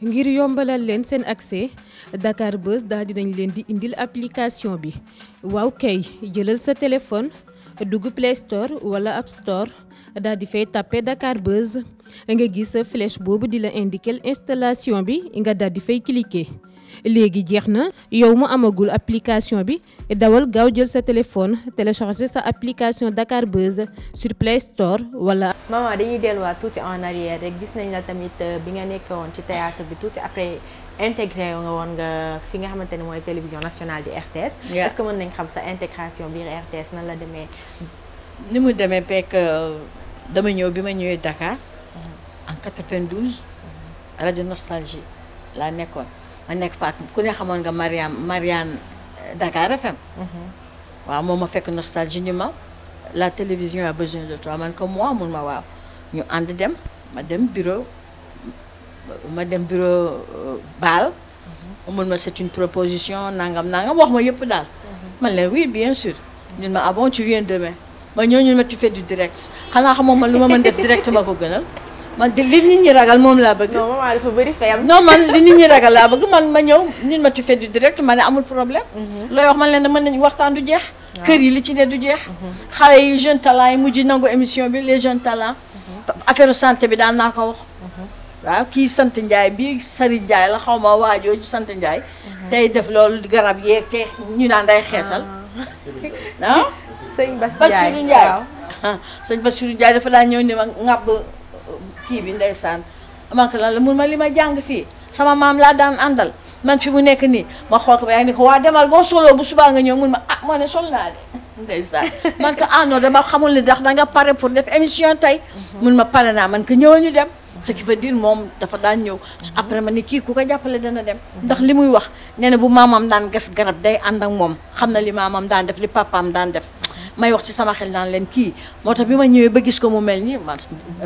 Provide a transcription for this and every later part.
ngir yombalal leen seen accès Dakar Buzz daal dinañ leen di indil application bi waaw kay jëlal sa téléphone dugg Play Store wala App Store daal di fay tàppe Dakar Buzz nga gis flèche boobu di la indiquer installation bi nga daal di fay cliquer. léegi jeex na yow mu amagul application bi dawal gaaw jël sa téléphone télécharger sa application Dakar Buzz sur Play Store wala. maman dañuy delluwaat tuuti en arrière rek gis nañ la tamit euh, bi nga nekk woon ci théâtre bi tuuti après intégré nga woon nga fi nga xamante ne mooy télévision nationale di RTS. est-ce que mën nañ xam sa intégration bi RTS nan la demee. ni mu demee pekk euh, dama ñëw bi ma ñëwee Dakar en 92. Mm-hmm. rajo Nostalgie laa nekkoon. ma nekk faak ku ne xamoon nga Mariam Marianne euh, Dakar FM. Mhm. waaw moom ma fekk nostalgie ni ma la télévision a besoin de toi man ko moi mun ma waaw ñu ànd dem ma dem bureau ma dem bureau euh, Baal. Mhm. mun ma c'est une proposition nangam nangam wax ma yëpp daal. Mhm. man leen oui bien sûr. ñun ma ah bon tu viens demain ma ñëw ñun ma tu fais du direct xanaa xamoo man lu ma mën def direct ma ko gënal. man li nit ñi ragal moom laa bëgg. non maman dafa bëri fayam. non man li nit ñi ragal laa bëgg man ma ñëw ñun ma tu fais du direct ma ne amul problème. Mhm. looy wax man leen mën nañu waxtaan du jeex. kër yi li ci ne du jeex. Mhm. xale yi jeunes talents yi mujj nangu émission bi les jeunes talents. Mhm. affaire santé bi daan naa ko wax. waaw kii sant Ndiaye bii Sari Ndiaye la xaw ma waajooju sant Ndiaye. tey def loolu garab yeeg te ñu naan day xeesal. ah, ah? sëñ Bass Ndiaye waaw sëñ Bass Ndiaye dafa daan ñëw ne ma kii bi ndeysaan man ko lan la mun ma li ma jàng fii sama maam laa daan àndal man fi mu nekk nii ma xool ko ba yaa ni ko waa demal boo soloo bu subaa nga ñëw mun ma ah moo ne sol naa de ndeysaan man ko ah non dama xamul ne ndax da nga pare pour def émission tey mhm. mun ma pare naa man ko ñëwal ñu dem ce qui veut moom dafa daan ñëw après ma ni kii ku ko jàppale dana dem mhm. ndax li muy wax nee na bu maamam daan gas garab day ànd ak moom xam na li maamam daan def li papaam daan def may wax ci sama xel naan leen kii moo tax bi ma ñëwee ba gis ko mu mel nii man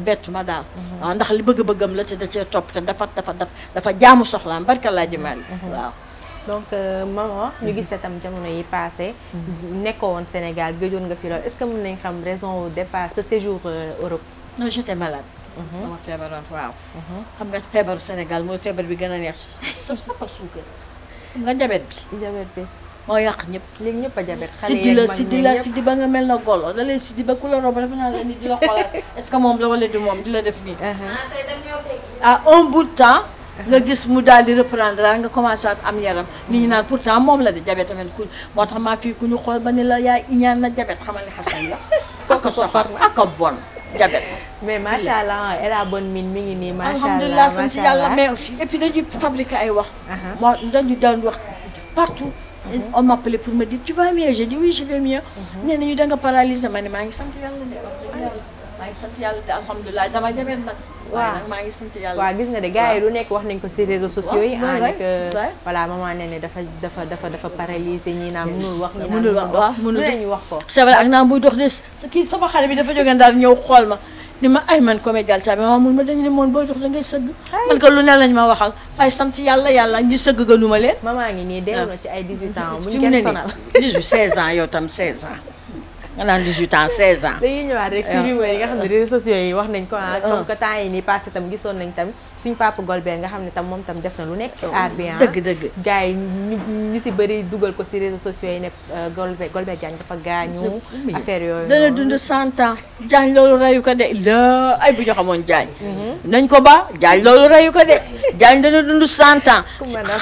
bettu ma daal. Mhm. ndax li bëgg-bëggam la te da cee topp te dafa dafa dafa jaamu soxlaam barka laa jëmaale. waaw. donc euh, maman ñu gis mhm. tam jamono yi mhm. nekkoo nekkoon Sénégal gëjoon nga fi lool est-ce que mën nañ xam raison départ ce séjour euh, Europe. non j'étais feebaroon waaw. xam nga feebaru Sénégal mooy feebar bi gën a neex. sauf sax suukar. nga jabet bi jabet bi. moo yàq ñëpp. léegi ñëpp a jabet siddi la siddi la siddi ba nga mel na golo da lay siddi ba ku la romb naa la ni di la xoolaat est-ce que moom la wala du moom di la def nii. Uh-huh. ah un bout temps. nga gis mu daal di reprendre nga commencé at am yaram. nit ñi naan pour temps moom la de jabet tamit ku moo tax maa fii ku ñu xool ba ni la yaa iñaan na jabet xamal ni xasan la. ak a soxor ak a bon jabet. mais macha allah elle a bonne mine mi ngi nii. macha allah alhamdulilah sant yàlla mais aussi. et puis dañuy fabriquer ay wax. Uh-huh. moo dañu daan wax Euh, on m'appelait pour me dire tu vas mieux j'ai dit oui je vais mieux. maa ngi sant yàlla de maa ngi sant yàlla de alhamdulilah dama demee nag. waaw maa ngi sant yàlla. waaw gis nga de gars lu nekk wax nañ ko ci réseaux sociaux yi. waaw ah, waaw voilà maman nee ne dafa dafa dafa dafa paralysé ñii naan mënul wax. na naan mënul wax waaw mënul wax ko. c'est vrai ak naan buy dox de sa kii sama xale bi dafa jógee daal ñëw xool ma ni ma ay man comédien sa ma mun ma dañu ne moon boo jox da ngay sëgg man ko lu ne lañ ma waxal ay sant yàlla yàlla ñi sëgg ga lu ma leen mamaa ngi nii dellu ah. na ci ay 18 ans bu ñu kenn sonal 18 16 ans yow tam 16 ans nga naan 18 ans 16 ans. dañuy ñëwaat rek ci rumeur yi nga xam ne réseaux sociaux yi wax nañ ko ah. comme que temps yi nii passé tam gisoon nañ tam suñu papa Golbert nga xam ne tam moom tam def na lu nekk ci aar bi ah. dëgg dëgg gars ñu si bëri dugal ko si réseaux sociaux yi ne euh, Golbert Golbert Diagne dafa gaañu. affaire yooyu dana dund 100 ans. Diagne loolu reyu ko de la ay bu ñu xamoon Diagne. Mhm. nañ ko ba Diagne loolu reyu ko de Diagne dana dund 100 ans.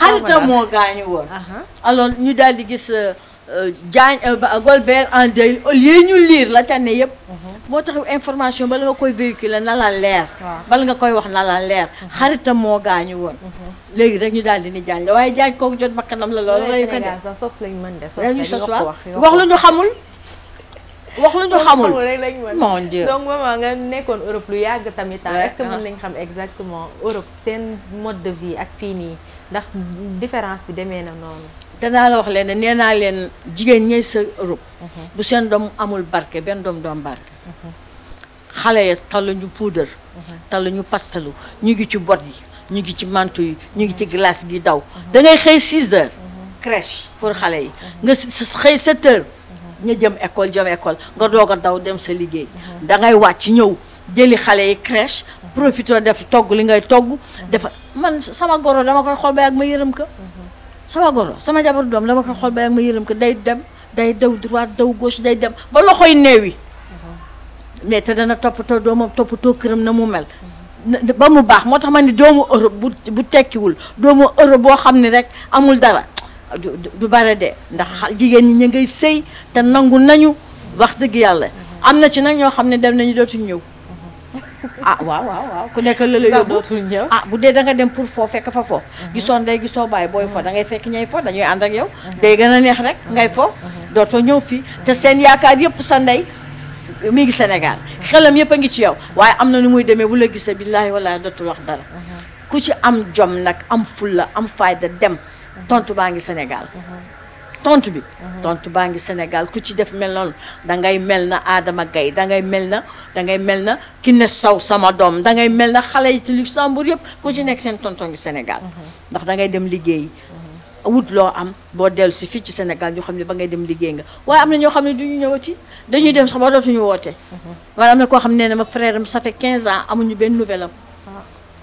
xaritam moo gaañu woon. alors ñu daal di gis. Euh, Diagne euh, Golbert en deuil au lieu ñu lire la tane yëpp. moo mhm. tax information bala nga koy véhiculer na la leer. bala nga koy wax na la leer. Mhm. xaritam moo gaañu woon. Mhm. léegi rek ñu daal di ni Diagne la waaye Diagne kooku jot bakkanam la loolu. lay ko def sos lañ mën de sos wax lu ñu xamul. wax lu ñu xamul rek lañ mën mon dieu donc maman nga nekkoon Europe lu yàgg tamit temps ah, est-ce que ah. mën nañ xam exactement Europe seen mode de vie ak fii nii ndax différence bi demee na noonu danaa la wax leen ne nee naa leen jigéen ñay sa Europe mhm. bu seen doom amul barke benn doom doom barke mhm. xale ya ñu puudar mhm. taluñu pastalu ñu ngi ci bot yi ñu ngi ci mantu yi ñu ngi ci glace gi daw da ngay xëy 6 heures crèche pour xale yi nga xëy 7 heures nga jëm école jëm école nga doog a daw dem sa liggéey da ngay ci ñëw jëli xale yi crèche profité def togg li ngay togg dafa man sama goro dama koy xool ba ak ma yërëm ka sama goro sama jabar doom la ma ko xool ba yàgg ma yërëm ko day dem day daw droite daw gauche day dem ba loxoy yi uh-huh. mais te dana toppatoo doomam toppatoo këram na mu mel. ba mu baax moo tax ma ni doomu Europe bu bu tekkiwul doomu Europe boo xam ne rek amul dara du du bare de ndax jigéen ñi ñu ngay sëy te nangu nañu wax dëgg yàlla. Uh-huh. am na ci nag ñoo xam ne dem nañu dootuñu ñëw. ah waaw waaw waaw ku nekk la la yóbbu ah bu dee danga dem pour foo fekk fa foo gisoo ndey gisoo bàyyi booy foo da ngay fekk ñay foo dañuy ànd ak yow mhm. day gën a neex rek mhm. ngay foo mhm. dootoo ñëw fii te seen yaakaar yëpp sa ndey mi ngi Sénégal xelam yëpp a ngi ci yow waaye am na nu muy demee bu la gisee billaahi wallaahi dootul wax dara ku ci am jom nag am fulla am fayda dem tontu baa ngi Sénégal tontu bi. tontu baa ngi Sénégal ku ci def mel noonu dangay mel na Adama Gaye dangay mel na dangay mel na ne Sow sama doom dangay mel na xale yi ci Luxembourg yëpp ku ci nekk seen tonton ngi Sénégal. ndax dangay dem liggéey. wut loo am boo dellu si fii ci Sénégal ñoo xam ne ba ngay dem liggéey nga waaye am na ñoo xam ne du duñu ñëwati dañuy dem sax ba dootuñu woote. waaye am na koo xam ne na ma frère am ça fait 15 ans amuñu benn nouvelle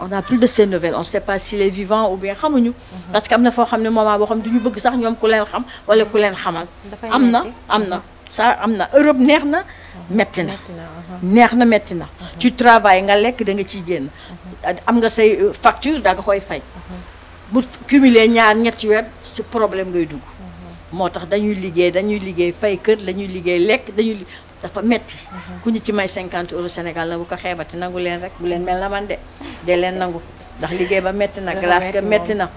on n'a plus de ces nouvelles on sait pas s'il est vivant ou bien xamuñu. Mhm. parce que am na foo xam ne moment boo xam du ñu bëgg sax ñoom ku leen xam wala ku leen xamal. am na am na ça am na Europe neex na mhm. metti na. neex na metti na. ci mhm. travail nga lekk da nga ciy génn. am nga say euh, facture da nga koy fay. bu cumuler ñaar ñetti weer ci problème ngay dugg. moo tax dañuy liggéey dañuy liggéey fay kër dañuy liggéey lekk dañuy dafa metti mhm. ku ñu ci may cinquante euros Sénégal na bu ko xeebati nangu leen rek bu leen mel na man de dee leen nangu ndax liggéey ba metti na glace ga metti na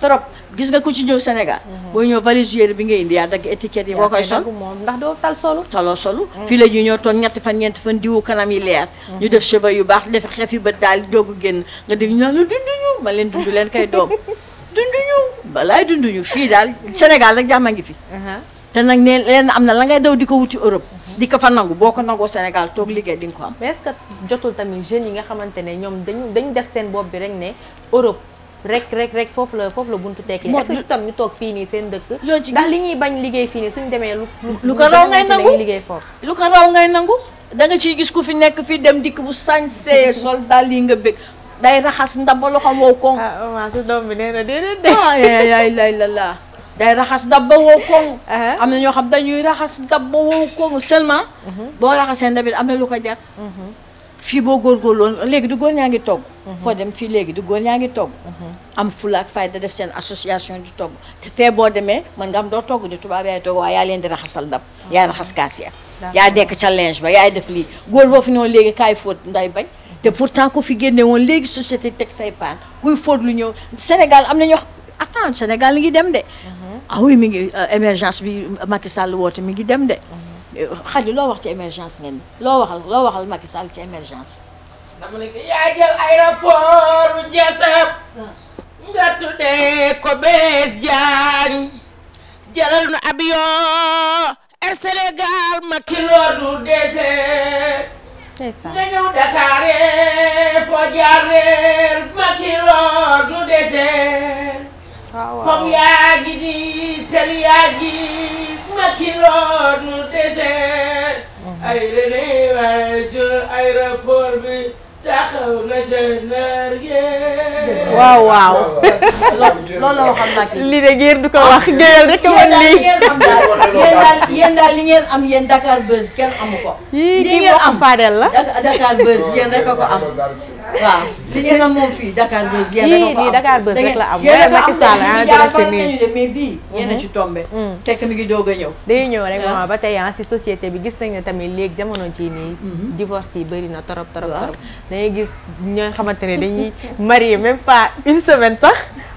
trop gis nga ko ci ñëw Sénégal mhm. boo ñëw valise yére bi nga indi dagg étiquette yi boo koy sol ndax doo tal solu taloo solu mhm. fii la ñu ñoo toog ñetti fan ñeenti fan diwu kanam yi leer ñu def cheveux yu baax def xef yu bët daal doogu génn nga dégg ñu lu la dunduñu ma leen dund leen koy doom dunduñu balaay dunduñu fii daal Sénégal rek jàmm a ngi fi te nag am na la ngay daw di ko wuti Europe di ko fa nangu boo ko nangoo Sénégal toog liggéey di ko am. mais est-ce que jotul tamit jeunes yi nga xamante ne ñoom dañu dañu def seen bopp bi rek ne Europe rek rek rek foofu la foofu la buntu tekki. moo est tam ñu toog fii nii seen dëkk. loo ci bañ liggéey fii nii suñu demee lu. lu ko raw liggéey foofu. lu ko raw ngay nangu da nga ciy gis ku fi nekk fii dem dikk bu sañsee sol dal yi nga bëgg day raxas ndab ba loxo woo koŋ. ah waaw su doom bi nee na déedéet de. ah yaay yaay laa day raxas ndab ba wow koŋ uh-huh. am na ñoo xam dañuy raxas ndab ba wow koŋ seulement uh-huh. boo raxasee ndabit am na lu ko jar uh-huh. fii boo góor góor góorgóorloon léegi du góor ñaa ngi togg foo dem fii léegi du góor ñaa ngi togg am fay fayda def seen association di togg te fee boo demee man nga am doo togg di tubaab yaay togg waaye yaa leen di raxasal ndab yaay raxas kaas ya yaay dekk challenge ba yaay def lii góor boo fi noonu léegi kay fóot nday bañ te pourtant ku fi génne woon léegi société teg say paan kuy fóot lu ñëw Sénégal am na ñoo Attends Sénégal ngi dem ah oui mi ngi euh, émergence bi euh, Macky Sall woote mi dem de. xadi loo wax ci émergence ngeen loo waxal loo waxal Macky Sall ci émergence. dama ne yaa aéroport Ndiassab. Ah. nga tuddee ko bees jaañ. jëlal na Sénégal Macky loo du dese. nga ñëw Dakar eh, foo jaar eh, Macky loo du dese. comme yaa ngi di tel yaa ngi makiloon mu désert mm-hmm. ay taxaw na gendarme yee. waaw waaw. loolu la waxoon nag. lii de géer du ko wax ah, géeyal rek a wan lii. yéen daal li ngeen am yéen Dakar Buzz kenn amu ko. li ngeen am Fadel la. Dakar Buzz yéen rek a ko am. waaw li ngeen am moom fii Dakar Buzz yéen rek a ko am. Dakar Buzz rek la am. yéen rek a am ah, de mais bii. Mm-hmm. yéen a ci tombé. Mm. fekk mi ngi doog a ñëw. day ñëw rek ah. maman ba tey si société bi gis nañ ne tamit léegi jamono jii nii. Mm-hmm. divorce yi bëri na torop torop torop dangay gis ñooy xamante ne dañuy marié même pas une semaine sax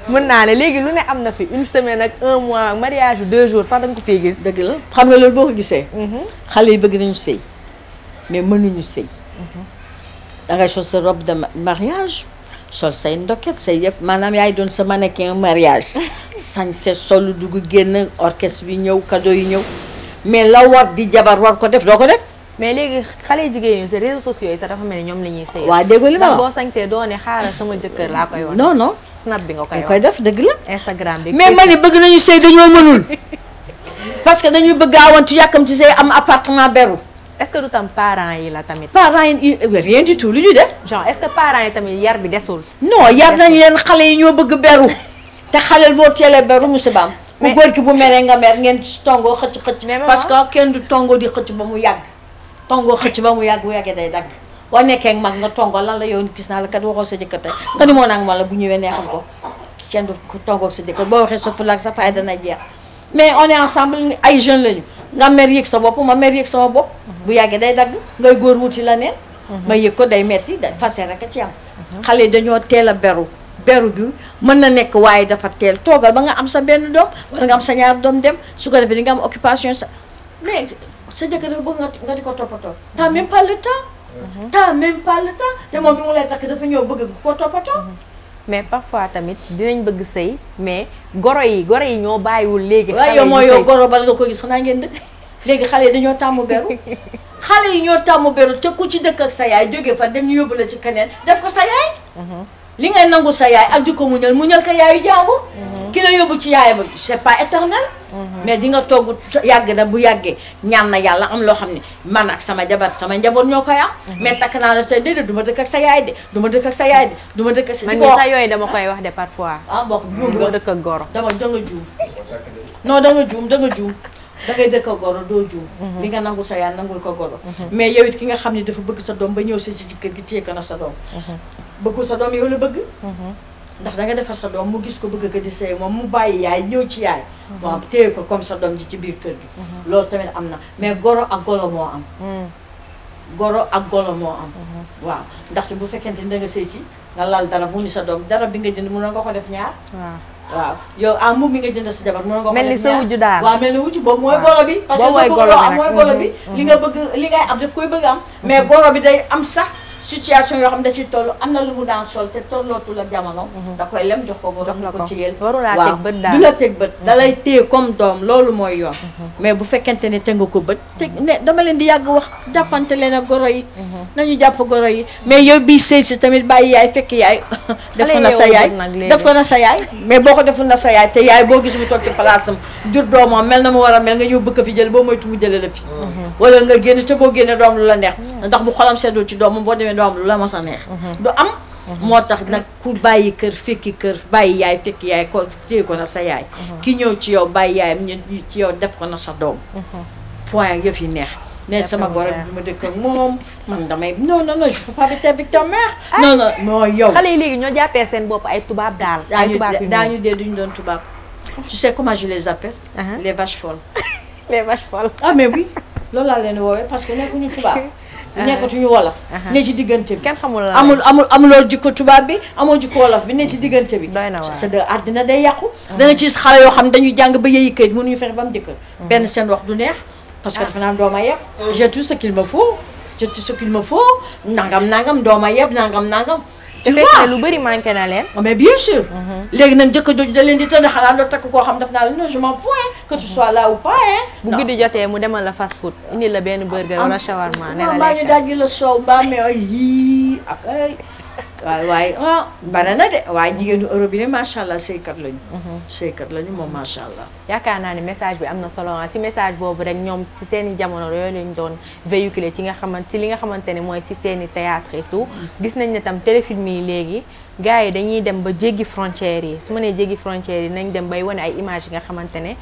mën naa ne léegi lu ne am na fi une semaine ak un mois mariage deux jours sax da ko fee gis. dëgg xam nga loolu boo ko gisee. Mhm. xale yi bëgg nañu sëy mais mënuñu sëy. Mhm. dangay sol sa robe de mariage sol say ndokket say yëf maanaam yaay doon sa mannequin mariage sañse solu dugg génn orchestre bi ñëw cadeau yi ñëw mais la war di jabar war ko def doo ko def. mais léegi xale jigéen ñi sa réseaux sociaux yi sax dafa mel ni ñoom la ñuy sëy waaw déggu li ma boo sañsee doo xaaral sama jëkkër laa koy wax non non snap bi nga koy wax koy def dëgg la Instagram bi mais ma ne bëgg nañu sëy dañoo mënul parce que dañuy bëgg awantu yàkkam ci sëy am appartement beru est-ce que du tam parents yi la tamit parents yi rien du tout lu ñu def genre est-ce yi tamit yar bi desul non yar nañ leen xale yi ñoo bëgg beru te xaleel boo teelee beru musibaam ku góor ki bu meree nga mer ngeen tongo xëcc xëcc parce kenn du tongo di xëcc ba mu yàgg tongoo xëcc ba mu yàgg bu yàggee day dagg boo nekkee mag nga tongoo lan la yow gis naa la kat waxoo sa jëkkër tey nga ni moo naag ma la bu ñëwee neexam ko kenn du tongoo sa jëkkër boo waxee sa fulaak sa fay dana jeex mais on est ensemble ay jeunes lañu nga mer yëg sa bopp ma mer yëg sama bopp bu yàggee day dagg ngay góor wuti la neen ma yëg ko day metti da façon rek a ci am xale yi dañoo teel a beru beru bi mën na nekk waaye dafa teel toogal ba nga am sa benn doom wala am sa ñaar doom dem su ko defee di nga am occupation sa sa jëkkër dafa bëgg nga di ko toppatoo t'as même pas le temps t'as même pas te moom bi mu lay takk dafa ñëw bëgg koo toppatoo mais parfois tamit dinañ bëgg sëy mais goro yi goro yi ñoo bàyyiwul léegi waaye yow mooy goro bala ko gis xanaa ngeen dëkk léegi xale yi dañoo tàmm beru xale yi ñoo tàmm beru te ku ci dëkk ak sa yaay jóge fa dem ñu yóbbu la ci keneen def ko sa yaay mhm. li ngay nangu sa yaay ak di ko muñal muñal ko yaayu jàmbur. Mhm. ki la yóbbu ci yaay ba c'est pas éternel. Mhm. mais di nga togg yàgg na bu yàggee ñaan na yàlla am loo xam ne man ak sama jabar sama njaboot ñoo koy am. Mhm. mais takk naa la tey déedéet du ma dëkk ak sa yaay de du ma dëkk ak sa yaay de du ma dëkk ak sa. man mii dama koy wax de parfois. ah mbokk juum nga dëkk ak goro. dama danga juum non danga juum danga juum. dangay dëkk a goro doo juum li nga nangul sa yaay nangul ko goro mais yow ki nga xam ne dafa bëgg sa doom ba ñëw sa ci kër gi téye ko sa bëggul sa doom yow la bëgg. Mm-hmm. ndax da nga defar sa doom mu gis ko bëgg ko di sëy moom mu bàyyi yaay ñëw ci yaay. Mm-hmm. waaw téye ko comme sa doom ji ci biir kër gi. Mm-hmm. loolu tamit am na mais goro ak golo moo am. Mm. goro ak golo moo am. waaw ndaxte bu fekkente ni da nga si nga lal dara sa doom dara bi nga jënd mën nga ko def ñaar. waaw yow ah mbubb mi nga jënd si jabar mën nga ko mel ni sa wujju daal waaw mel ni wujju boobu mooy golo bi parce que mooy golo bi li nga bëgg li ngay am daf koy bëgg am mais goro bi day am sax situation yoo xam ne da ci toll am na lu mu daan sol te tollootul ak jamono. Mhm. da koy lem jox ko góor jox ko jigéen warulaa teg bët du la teg bët mhm. da lay comme doom loolu mooy yoon mhm. mais bu fekkente ne te nga ko bët te ne dama leen di yàgg wax jàppante leen ak goro yi nañu jàpp goro yi mais yow bii sëy si tamit bàyyi yaay fekk yaay def ko sa yaay def ko na sa yaay mais boo ko deful na sa yaay te yaay boo gis mu toog ci place jur doomam mel na mu war a ne doo lu la mos a neex mhm. du mhm. moo tax nag ku bàyyi kër fekki kër bàyyi yaay fekki yaay ko téye ko na sa yaay mhm. ki ñëw ci yow bàyyi yaayam ñu ci yow def ko na sa doom point yëf yi neex mais sama goro bi ma dëkk ak moom man damay non non non je peux pas être victime ah. non non moo yow xale yi léegi ñoo jàppee seen bopp ay tubaab daal daañu dee duñu doon tubaab tu sais comment je les appelle uh-huh. les vaches folles les vaches folles ah mais oui loolu laa leen woowee parce que nekkatuñu wolof ne ci diggante bi amul amul amuloo jikko tubaab bi amoo jikko wolof bi ne ci diggante bi c'est de àddina day yàqu dana ci xale yoo xam ne dañuy jàng ba yeeyi kayit mënuñu fexe ba mu jëkkër benn seen wax du neex parce que ah. dafa naan dooma yàq j'ai tout ce qu'il me faut j'ai tout ce qu'il me faut nangam nangam dooma yeb nangam nangam tu vois lu bëri manqué na leen. mais bien sûr. Mhm. léegi nag jëkk jooju da leen di tëdd xalaat doo takk koo xam daf naa la non je m'en fous que tu sois bu guddi jotee mu demal la fast food indi la benn burger wala shawarma. ne la lekk mbaa ñu daaj la soow mbaa mais ay yii ak waaw waaye ah bana na de waaye jigéenu Europe yi de macha allah seykat lañu. Mhm. seykat lañu moom macha allah. yaakaar naa ne message bi am na solo ah. si message boobu rek ñoom si seeni jamono yooyu lañ doon véhiculer ci nga xamante ci li nga xamante ne mooy si seen i théâtre et tout. Mm. gis nañ ne tam téléfilm yi léegi gars yi dañuy dem ba jéggi frontières yi su ma nee jéggi frontières yi nañ dem bay wane ay images yi nga xamante ne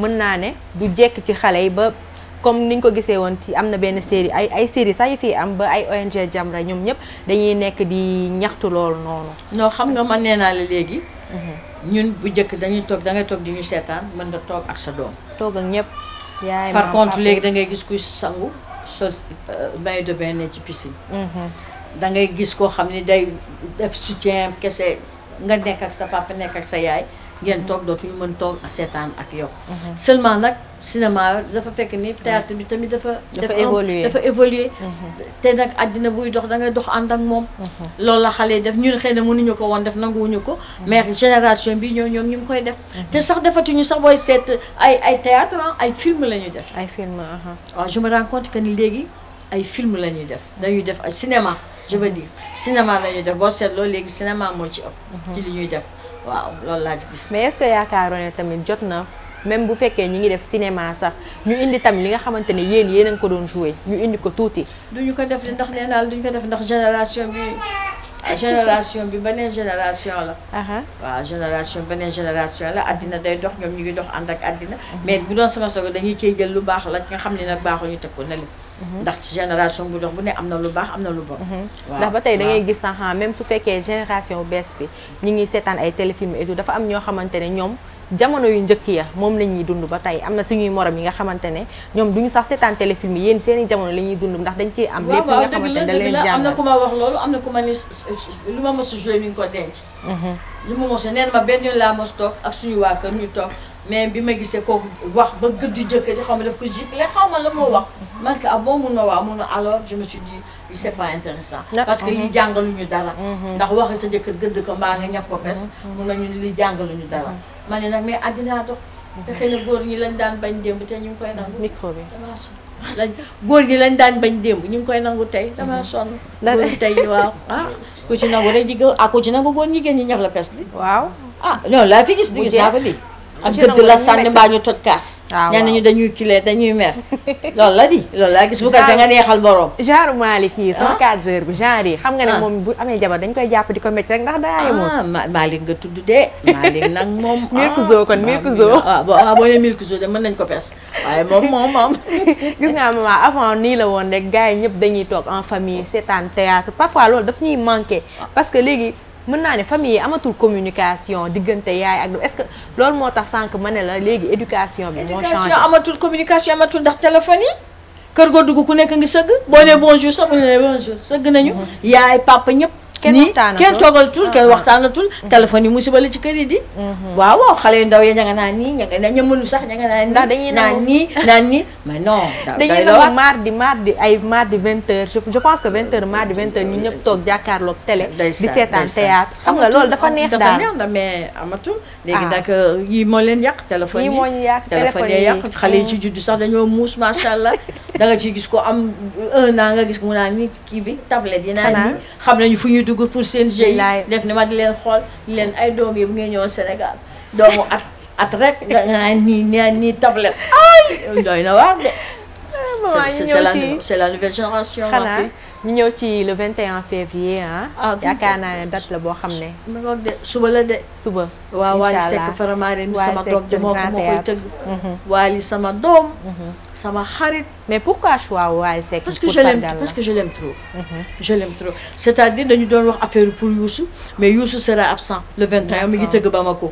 mën naa ne du jekk ci xale yi ba. comme niñ ko gisee woon ci am na benn série ay ay série sax yu fii am ba ay ONG Jamra ñoom ñëpp dañuy nekk di ñaxtu lool noonu. non xam nga ma nee naa la léegi. Mhm. ñun bu njëkk dañuy toog dangay toog di ñu seetaan mën nga toog ak sa doom. toog ak ñëpp. yaay par contre léegi dangay gis kuy sangu so bain euh, de bain ne ci piscine. Mhm. da ngay gis koo xam ni day def soutien kese nga nekk ak sa papa nekk ak sa yaay. ngeen toog dootuñu mën toog seetaan ak yow. Mhm. seulement nag cinéma dafa fekk ni mhm. théâtre bi tamit dafa. dafa évoluer dafa évoluer. Mhm. te nag àddina buy dox da ngay dox ànd ak moom. lool la xale def ñun xëy na ñu ko woon def nanguwuñu ko. mais génération bi ñoom ñoom ñu ngi koy def. te sax defatuñu sax booy seet ay ay théâtre ay film la ñuy def. ay film uh-huh. waaw je me rends compte ni léegi ay film la ñuy def dañuy def ay cinéma je veux dire cinéma la ñuy def boo seetloo léegi cinéma moo ci li ñuy def. waaw loolu laa ci gis. mais est-ce yaakaaroon ne tamit jot na même bu fekkee ñi ngi def cinéma sax ñu indi tam li nga xamante ne yéen yéen a ko doon joué ñu indi ko tuuti. du ñu ko def ndax nee naa duñu ko def ndax génération bi. génération bi beneen génération la. waaw génération beneen génération la addina day dox ñoom ñu ngi dox ànd ak addina. mais bu doon sama sogo dañuy cay jël lu baax la nga xam ne nag baaxuñu teg ko ne li mhm. ndax ci génération bu dox bu ne am na lu baax am na lu bon. Mhm. ndax ba tey da ngay gis sax ah, même su fekkee génération bees bi ñu ngi seetaan ay téléfilm et dafa am ñoo xamante ne ñoom. jamono yu njëkk ya moom la ñuy dund ba tey am na suñuy morom yi nga xamante ne ñoom du ñu sax seetaan téléfilm yi yéen seeni jamono la ñuy dund ndax dañ ci am lépp nga xamante ne da leen am na ku ma wax loolu am na ko ma ni lu ma mos a joué mi ngi ko denc mhm. li ma mos a neen ma benn yoon laa mos toog ak suñu waa kër ñu toog mais bi ma gisee kooku wax ba gëdd jëkk ci xaw ma daf ko giflé xaw ma la moo wax mhm. man que ah boo mun na waaw mun na alors je me suis c'est pas intéressant parce que yi mm-hmm. jàngaluñu dara mm-hmm. ndax waxe sa jëkkër gëdd ko mbaa nga ñaf ko pes mm-hmm. mun nañu li jàngaluñu dara ma ne nag mais àddinaa dox te xëy na góor ñi lañ daan bañ démb ñi lañ koy nangu tey damaa sonn góor ñi tey waaw ah ku nangu rek di ah, ñi ñaf la pes di waaw ah non laa fi gis di naa fa lii ak dëgg la sànni mbaa ñu toj kaas. Ah, waaw ñu dañuy kilee dañuy mer loolu la di. loolu laa gis bu ko nga neexal borom. genre Malick yi sama cadreur ah. bi genre yi. xam nga ne ah. moom bu amee jabar dañ koy jàpp di ko métti rek ndax daa yemoo. ah Malick nga tudd de. Malick nag moom. Milkzo kon Milkzo. waaw boo boo nañ ko pes waaye moom moom moom. gis nga maman avant nii la woon rek gars yi ñëpp dañuy toog en famille seetaan théâtre parfois loolu daf ñuy manqué parce que léegi. mën naa ne famille yi amatul communication diggante yaay ak est-ce que loolu moo tax sànq ma ne la léegi éducation bi moo changé amatul communication amatul ndax téléphone yi kër goo dugg ku nekk ngi sëgg boo ne bonjour sax mu ne bonjour sëgg nañu yaay papa ñëpp nii kenn toogalatul kenn uh-huh. waxtaanatul uh-huh. téléphone yi musiba la ci kër yi di uh-huh. waaw waaw xale yu ndaw ya ña nga naan nii ña nga naan ña mënu sax ña nga naan nii naan nii naan nii mais non dañuy nangu mardi mardi ay mardi vingt heures je pense que vingt heures mardi vingt ñu ñëpp toog jàkkaarloog télé di seetaan théâtre xam nga loolu dafa neex daal dafa neex da mais ah. léegi nag euh, yi moo leen yàq téléphone yi moo ñu yàq téléphone yi yàq xale yi ci juddu sax dañoo muus macha allah da nga gis ko am un an nga gis ko mu naan nii kii bi dugg pour seen jeu def ni ma di leen xool di leen ay doom yi bu ngeen ñëwoon Sénégal doomu at at rek nga nii nii tablette ay doy na waar de la c'est la nouvelle génération ci le 21 février ah naa ne date boo xam ne ma de suba la de suba waaw Wally Seck Faramareen bi sama doom ji moo koy tëgg mhm. Wally sama doom mhm. sama xarit mais pourquoi choix Waly Seck parce que je mhm. dire dañu doon wax affaire pour Youssou mais Youssou sera absent le 21 mi ngi tëgg Bamako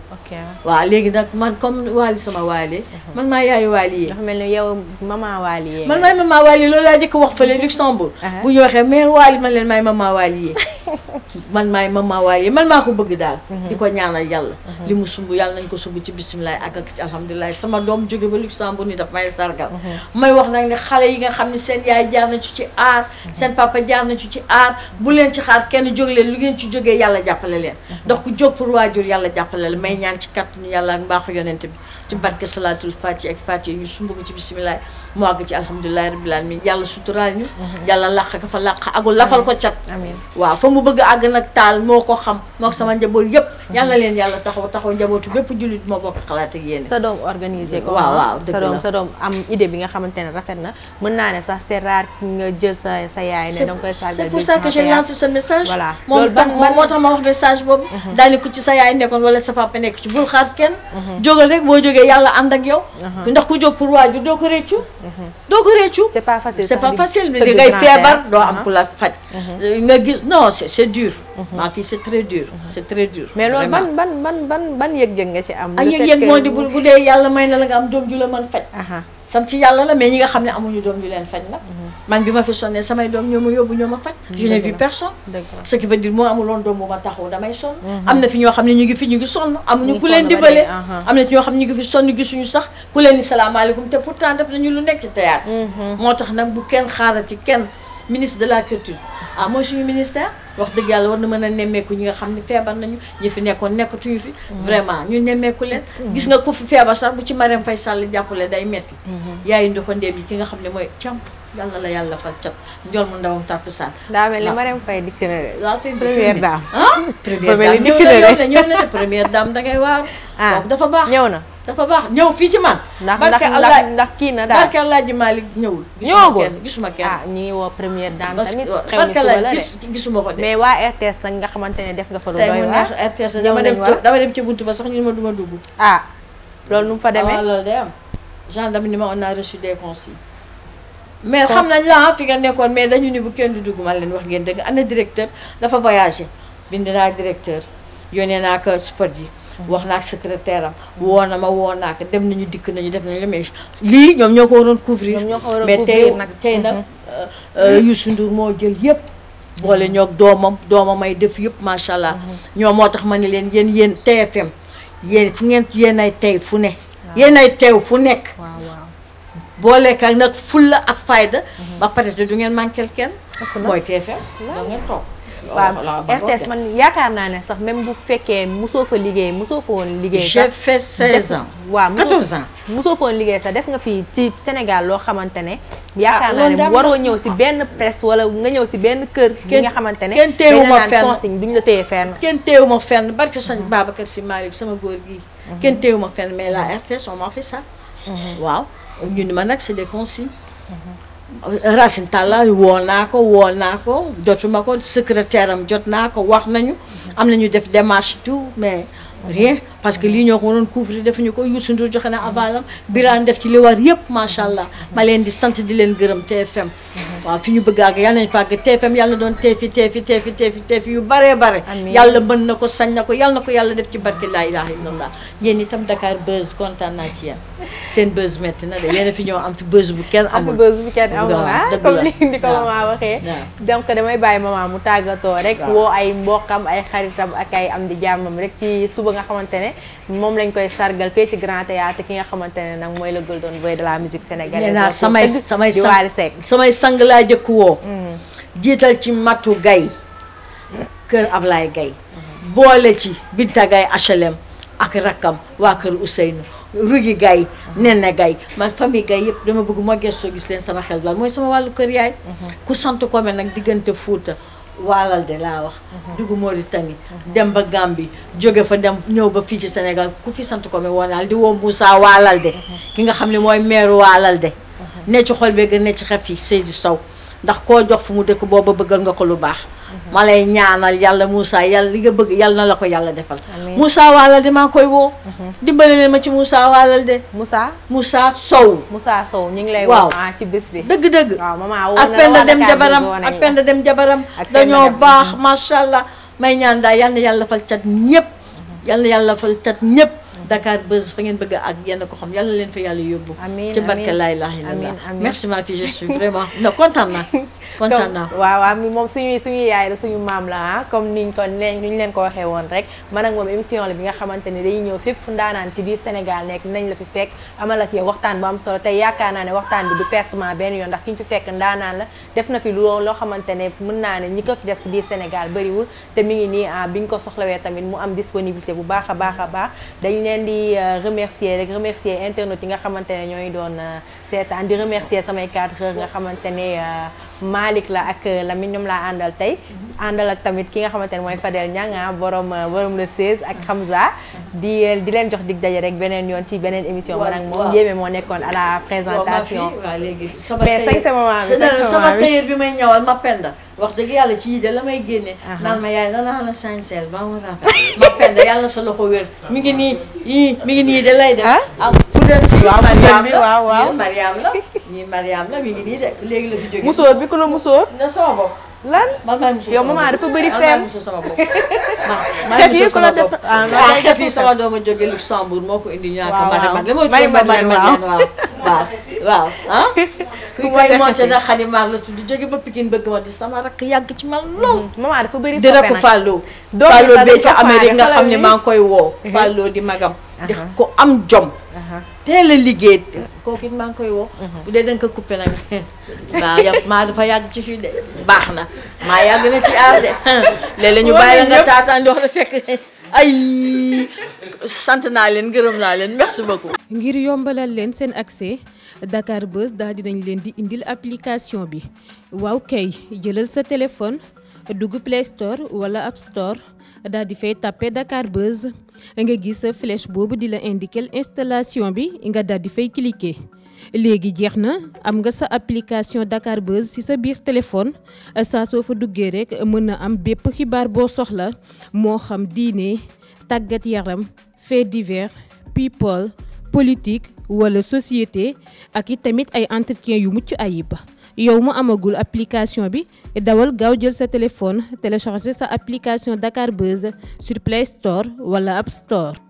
waaw léegi nag man comme Waly sama Waly mhm. man maa yaayu Waly yi mel ni yow man maay maman Waly yi loolu laa njëkk wax fële Luxembourg uh-huh. bu ñu waxee mère Waly man leen maay maman Waly yi man maay maman Waly yi man maa ko bëgg daal mhm. di ko ñaanal yàlla li mu sumb yàlla nañ ko sumb ci bisimilah ak ak ci alhamdulilah sama doom jóge ba Luxembourg ni daf may sargal may wax xale yi nga xam ne seen yaay jaar na ci ci aar seen papa jaar na ci ci aar bu leen ci xaar kenn jóg leen lu ngeen ci jógee yàlla jàppale leen ndax ku jóg pour waajur yàlla jàppale la may ñaan ci kàttanu yàlla ak mbaaxu yonent bi ko ci bisimilah mu àgg ci alhamdulilahi rabbil alamin yàlla suturaal ñu yàlla làq ka fa làq agul lafal ko cat waaw fa mu bëgg àgg nag taal moo ko xam moo sama njaboot yëpp yàlla leen yàlla taxaw taxaw njabootu bépp jullit moo bokk xalaat ak yéen sa doom organisé ko waaw waaw na mën naa ne sax c'est rare nga jël sa sa yaay ne danga koy saaga c'est pour ça que j'ai lancé ce message voilà moom tax moo tax ma wax message boobu mhm. daal ni ku ci sa yaay nekkoon wala ci bul xaar kenn mhm. jógal rek boo jógee yàlla ànd ak mhm. ndax ku jóg pour waajur doo ko réccu doo ko di ngay feebar doo am ku la faj nga gis non c'est c'est ah fii c'est très dur c'est très dur. mais loolu ban ban ban ban ban yëg-yëg nga ci am. a ah, yëg-yëg moo di bu dee yàlla may na la nga am doom ju la mën faj. sant yàlla la mais ñi nga xam ne amuñu doom ju leen faj nag. Mhm. man bi ma fi sonnee samay doom ñoo ma yóbbu ñoo ma faj. Mhm. je n'ai vu personne. ce qui veut dire moo amuloon doom bu ma taxaw damay sonn. Mhm. am na fi ñoo xam ne ñu ngi fi ñu ngi sonn. amuñu ku leen dimbale am na ci ñoo xam ne ñu ngi fi sonn gisuñu sax ku leen ni te te pourtant def nañu lu nekk ci théâtre moo tax nag bu kenn xaarati kenn ministre de la culture ah mooy suñu ministère wax dëgg yàlla war na mën a nemmeeku ñi nga xam ne feebar nañu ñi fi nekkoon nekkatuñu fi. Mm-hmm. vraiment ñu nemmeeku leen. Mm-hmm. gis nga ko fi feebar sax bu ci Marème Faye Sall jàppale day metti mm-hmm. yaayu ndoxandeem yi ki nga xam ne mooy càmp yàlla la yàlla fal cat njool mu ndaw tàpp saan. daa mel ni Marème Faye dikk na de. waaw ah! première dame ah. première dame ñëw na ñëw na ñëw na première dame dangay waar. ah dafa baax ñëw na. dafa baax ñëw fii ci man. ndax ndax ndax ndax kii na daal barke Alaaji Maalik ñëwul. gisuma kenn gisuma kenn ah ñu ngi woo première dame tamit. xew ni la de gisuma ko de. mais waa RTS nag nga xamante ne def nga fa lu doy waar. RTS dama dem dama dem ci buntu ba sax ñu ma duma dugg. ah loolu nu fa demee waaw ah, loolu day am. ni ma on a reçu des consignes. mais xam nañ la ah, fi nga nekkoon mais dañu ni bu kenn du dugg man leen wax ngeen dëgg ana directeur dafa voyagé bind naa directeur yónnee naa ko sport yi. wax naa ak secrétaire am woo na ma woo naa dem nañu dikk nañu def nañu la mais lii ñoom ñoo ko waroon couvrir mais tey tey nag mm-hmm. euh, euh, Youssou Ndour moo jël yëpp boole mm-hmm. ñoog doomam doomam ay def yëpp macha allah mm-hmm. ñoom moo tax ma ne leen yéen yéen TFM yéen fu ngeen yéen ay tey fu ne yéen ay fu nekk boole ka nag fulla ak fayda ba pare te du ngeen manqué kenn mooy TFM da ngeen toog waaw RTS man yaakaar naa ne sax même bu fekkee mosoo fa liggéey musoo fa woon liggéey j'ai fait 16 ans waaw 14 ans mosoo liggéey sax def nga fii ci Sénégal loo xamante ne ah, yaakaar naa ne waroo ñëw si benn presse wala nga ñëw si benn kër bi nga xamante ne kenn teewuma fenn consigne duñ la téye fenn kenn teewuma fenn barke sañ mhm. Si Malick sama góor gi mhm. kenn teewuma fenn mais la RTS on m'a fait ça mhm. waaw ñu ni ma nag c'est des consignes Racine Talla woo naa ko woo naa ko jotuma ko secrétaire am jot naa ko wax nañu am nañu def démarche tout mais parce que lii ñoo ko waroon couvrir defuñu ko Youssou Ndour joxe na avalam Birane def ci li war yëpp macha allah ma leen di sant di leen gërëm TFM. waaw fi ñu bëgg ak yàlla nañu fa àgg TFM yàlla na doon teefi teefi teefi teefi teefi yu baree na ko sañ na ko yàlla na ko yàlla def ci barke laa ilaha illallah yéen itam Dakar Buzz kontaan naa ci yéen seen buzz metti na de yéen a fi ñëw am fi buzz bu kenn amul. am fi buzz bu kenn ah, ko damay bàyyi maman mu tàggatoo rek. woo ay mbokkam ay xaritam ak ay am di jàmmam rek ci suba nga xamante ne moom lañ koy sargal fee ki nga xamante ne nag mooy le Golden Boy de la musique sénégalaise. nee naa samay samay sang samay sang laa jëkk woo. Mm-hmm. jiital ci Matu gay kër ab Ablaye gay mm-hmm. boole ci Binta Gaye HLM ak rakkam waa kër Ousseynou Rugi Gaye mm-hmm. Nene Gaye man famille Gaye yëpp dama bëgg moo gëstoo gis leen sama xel daal mooy sama wàllu kër yaay ku sant ko nag diggante Fuuta waalal de laa wax. dugg Mauritanie. dem ba Gambie jóge fa dem ñëw ba fii ci Sénégal ku fi sant ko mi woonaal di woo Moussa waalal de. ki nga xam ne mooy maire waalal de. ne ci xol beeg ne ci xef yi Seydou Sow ndax koo jox fu mu dëkk ba bëggal nga ko lu baax. Mhm. ma lay ñaanal yàlla Moussa yàlla li nga bëgg yàlla na la ko yàlla defal Moussa Walal de maa koy woo mhm. dimbale leen ma ci Moussa Walal de Moussa Moussa Sow Moussa Sow ñu ngi lay woo ah, ci bés bi dëgg-dëgg ak Penda dem jabaram ak Penda dem jabaram dañoo baax macha allah may ñaan daal yàlla na yàlla fal cat ñëpp mhm. yàlla na yàlla fal cat ñëpp Dakar Buzz fa ngeen bëgg a ak yenn ko xam yàlla leen fa yàlla yóbbu. ci barke laay laahi amiin amiin merci ma fille je suis vraiment non naa. suñu yaay la maam la ah comme niñ ko niñ leen ko waxee woon rek man moom émission la bi nga xamante ne dañuy ñëw fépp fu ndaanaan ci biir Sénégal nekk nañ la fi fekk amal ak waxtaan bu am solo tey yaakaar naa ne waxtaan bi du pertement benn yoon ndax ki ñu fi fekk ndaanaan la def na fi loo loo xamante ne mën naa ne ñi ko fi def si biir Sénégal bariwul te mi ngi nii ah bi ñu ko soxlawee tamit mu am disponibilité bu baax a baax a baax leen di euh, remercier rek remercier internet yi nga xamante ne ñooy doon euh, seetaan di remercier samay quatre heures nga xamante ne euh, Malick la ak euh, Lamine ñoom laa àndal tey àndal ak tamit ki nga xamante ne mooy Fadel Niang ah, borom euh, borom le 16 ak Hamza di di leen jox dig daje rek beneen yoon ci beneen émission man ak moom Ndiémé moo nekkoon a la présentation mais sañ sa maman bi bi may ñawal ma penda wax dëgg yàlla ci yii de la may génne naan ma yaay danaa la chancel ba mu rafet ma penda yàlla sa loxo wér mi ngi nii mi ngi nii si Mariam la waaw waaw Mariam la ñii Mariam la mi ngi nii de léegi la fi jógee. musóor bi ku la musóor. na sama bopp. lan man maa musóor sama bopp yow maman dafa bëri fenn. maa ngi musóor sama bopp ah maa xef yi sama doom a jóge Luxembourg moo ko indi ñaata. waaw waaw Marie Madeleine waaw waaw waaw ah. ku ma def ci na xalimaar la tudd jóge ba Pikine bëgg ma di sama rakk yàgg ci man lool. Mm-hmm. maman dafa bëri soppe nag dina ko fàlloo. doomu fàlloo bee ca Amérique nga xam ne maa ngi koy woo. Mm-hmm. fàlloo di magam def uh-huh. ko am jom. Uh-huh. teel a liggéey kooku it maa ngi koy woo. Uh-huh. bu dee da ko coupé nag maa dafa yàgg ci fii de baax na maa yàgg na ci aar de léeg-léeg bàyyi la nga taataan di wax la fekk ay sant naa leen gërëm naa leen merci beaucoup. ngir yombalal leen seen accès Dakar Buzz daal dinañ leen di indil application bi waaw kay jëlal sa téléphone. dugg Play Store wala App Store daal di fay tàppe Dakar Buzz nga gis flèche boobu di la indiquer installation bi nga dal di fay cliquer léegi jeex na am nga sa application Dakar Buzz ci sa biir téléphone saa soo fa duggee rek mën na am bépp xibaar boo soxla moo xam diine tàggat yaram fait divers people politique wala société ak it tamit ay entretien yu mucc ayib. yow mu amagul application bi dawal gaaw jël sa téléphone télécharger sa application Dakar Buzz sur Play wala App Store.